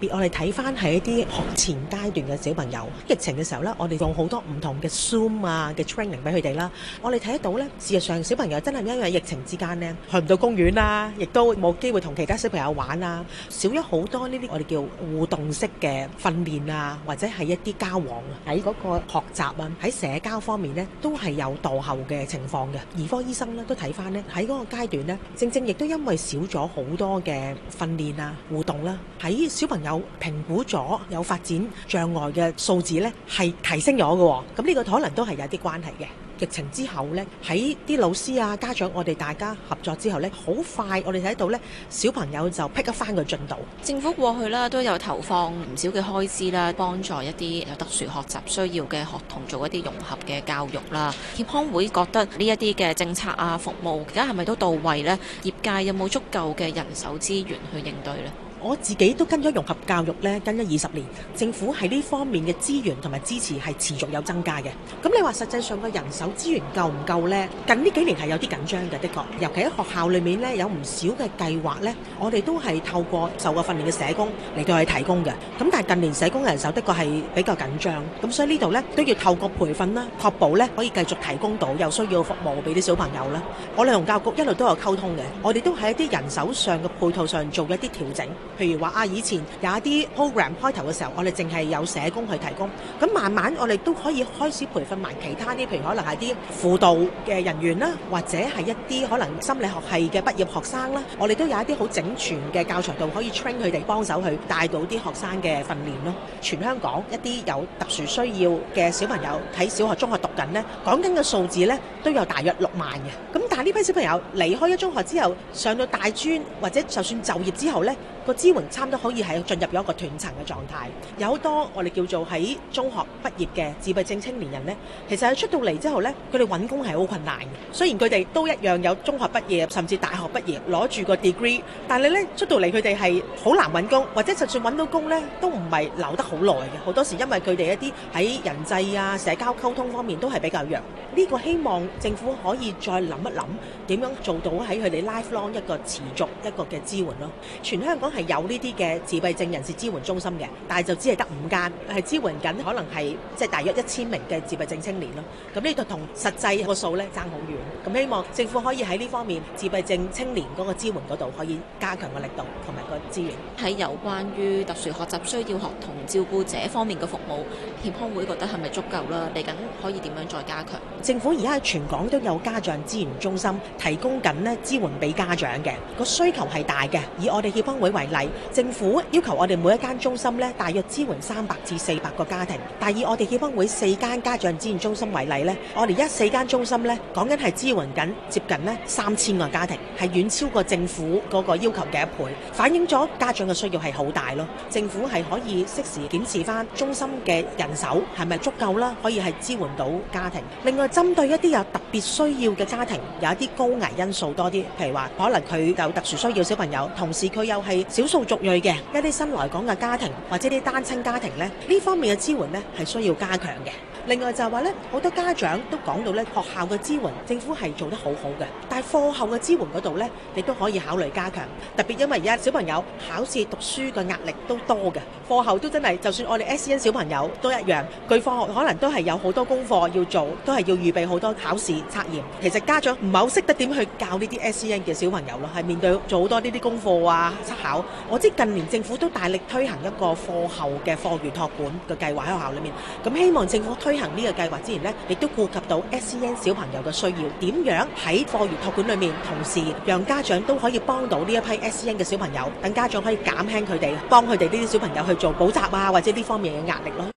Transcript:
別我哋睇翻係一啲學前階段嘅，小朋友疫情嘅時候呢，我哋用好多唔同嘅 Zoom 啊，嘅 training 俾佢哋啦。我哋睇得到呢，事實上小朋友真係因為疫情之間呢，去唔到公園啦，亦都冇機會同其他小朋友玩啊，少咗好多呢啲我哋叫互動式嘅訓練啊，或者係一啲交往啊，喺嗰個學習啊，喺社交方面呢，都係有墮後嘅情況嘅。兒科醫生呢都睇翻呢，喺嗰個階段呢，正正亦都因為少咗好多嘅訓練啊、互動啦，喺小朋友有評估咗有發展障礙嘅數字咧，係提升咗嘅喎。咁呢個可能都係有啲關係嘅。疫情之後咧，喺啲老師啊、家長我哋大家合作之後咧，好快我哋睇到咧，小朋友就闢得翻個進度。政府過去啦都有投放唔少嘅開支啦，幫助一啲有特殊學習需要嘅學童做一啲融合嘅教育啦。協康會覺得呢一啲嘅政策啊、服務而家係咪都到位咧？業界有冇足夠嘅人手資源去應對咧？我自己都跟咗融合教育咧，跟咗二十年，政府喺呢方面嘅資源同埋支持係持續有增加嘅。咁你話實際上嘅人手資源夠唔夠呢？近呢幾年係有啲緊張嘅，的確。尤其喺學校裏面咧，有唔少嘅計劃咧，我哋都係透過受過訓練嘅社工嚟到去提供嘅。咁但係近年社工嘅人手的確係比較緊張，咁所以呢度咧都要透過培訓啦、確保咧，可以繼續提供到有需要服務俾啲小朋友啦。我哋同教育局一路都有溝通嘅，我哋都喺一啲人手上嘅配套上做一啲調整。譬如話啊，以前有一啲 program 開頭嘅時候，我哋淨係有社工去提供。咁慢慢我哋都可以開始培訓埋其他啲，譬如可能係啲輔導嘅人員啦，或者係一啲可能心理學系嘅畢業學生啦。我哋都有一啲好整全嘅教材度可以 train 佢哋幫手去帶到啲學生嘅訓練咯。全香港一啲有特殊需要嘅小朋友喺小學、中學讀緊呢，講緊嘅數字呢都有大約六萬嘅。咁但係呢批小朋友離開咗中學之後，上到大專或者就算就業之後呢。支援差都可以係進入咗一個斷層嘅狀態，有好多我哋叫做喺中學畢業嘅自閉症青年人呢，其實喺出到嚟之後呢，佢哋揾工係好困難，雖然佢哋都一樣有中學畢業甚至大學畢業，攞住個 degree，但係呢出到嚟佢哋係好難揾工，或者就算揾到工呢都唔係留得好耐嘅。好多時因為佢哋一啲喺人際啊、社交溝通方面都係比較弱。呢、呢個希望政府可以再諗一諗點樣做到喺佢哋 lifelong 一個持續一個嘅支援咯。全香港係有。有呢啲嘅自閉症人士支援中心嘅，但係就只係得五間，係支援緊可能係即係大約一千名嘅自閉症青年咯。咁呢度同實際個數咧爭好遠。咁希望政府可以喺呢方面自閉症青年嗰個支援嗰度可以加強個力度同埋個資源。喺有關於特殊學習需要學童照顧者方面嘅服務，協康會覺得係咪足夠啦？嚟緊可以點樣再加強？政府而家喺全港都有家長資源中心提供緊咧支援俾家長嘅，個需求係大嘅。以我哋協康會為例。政府要求我哋每一間中心咧，大約支援三百至四百個家庭。但以我哋協康會四間家，家長支援中心為例咧，我哋一四間中心咧，講緊係支援緊接近呢三千個家庭，係遠超過政府嗰個要求嘅一倍，反映咗家長嘅需要係好大咯。政府係可以適時檢視翻中心嘅人手係咪足夠啦，可以係支援到家庭。另外，針對一啲有特別需要嘅家庭，有一啲高危因素多啲，譬如話可能佢有特殊需要小朋友，同時佢又係少數。到族裔嘅一啲新來港嘅家庭或者啲單親家庭咧，呢方面嘅支援咧，係需要加強嘅。另外就係話咧，好多家長都講到咧，學校嘅支援政府係做得好好嘅，但係課後嘅支援嗰度咧，亦都可以考慮加強，特別因為而家小朋友考試、讀書嘅壓力都多嘅，課後都真係，就算我哋 SEN 小朋友都一樣，佢放學可能都係有好多功課要做，都係要預備好多考試測驗。其實家長唔係好識得點去教呢啲 SEN 嘅小朋友咯，係面對做好多呢啲功課啊、測考。我知近年政府都大力推行一個課後嘅課餘托管嘅計劃喺學校裏面，咁希望政府推。行呢個計劃之前咧，亦都顧及到 S E N 小朋友嘅需要，點樣喺課餘托管裏面，同時讓家長都可以幫到呢一批 S E N 嘅小朋友，等家長可以減輕佢哋，幫佢哋呢啲小朋友去做補習啊，或者呢方面嘅壓力咯、啊。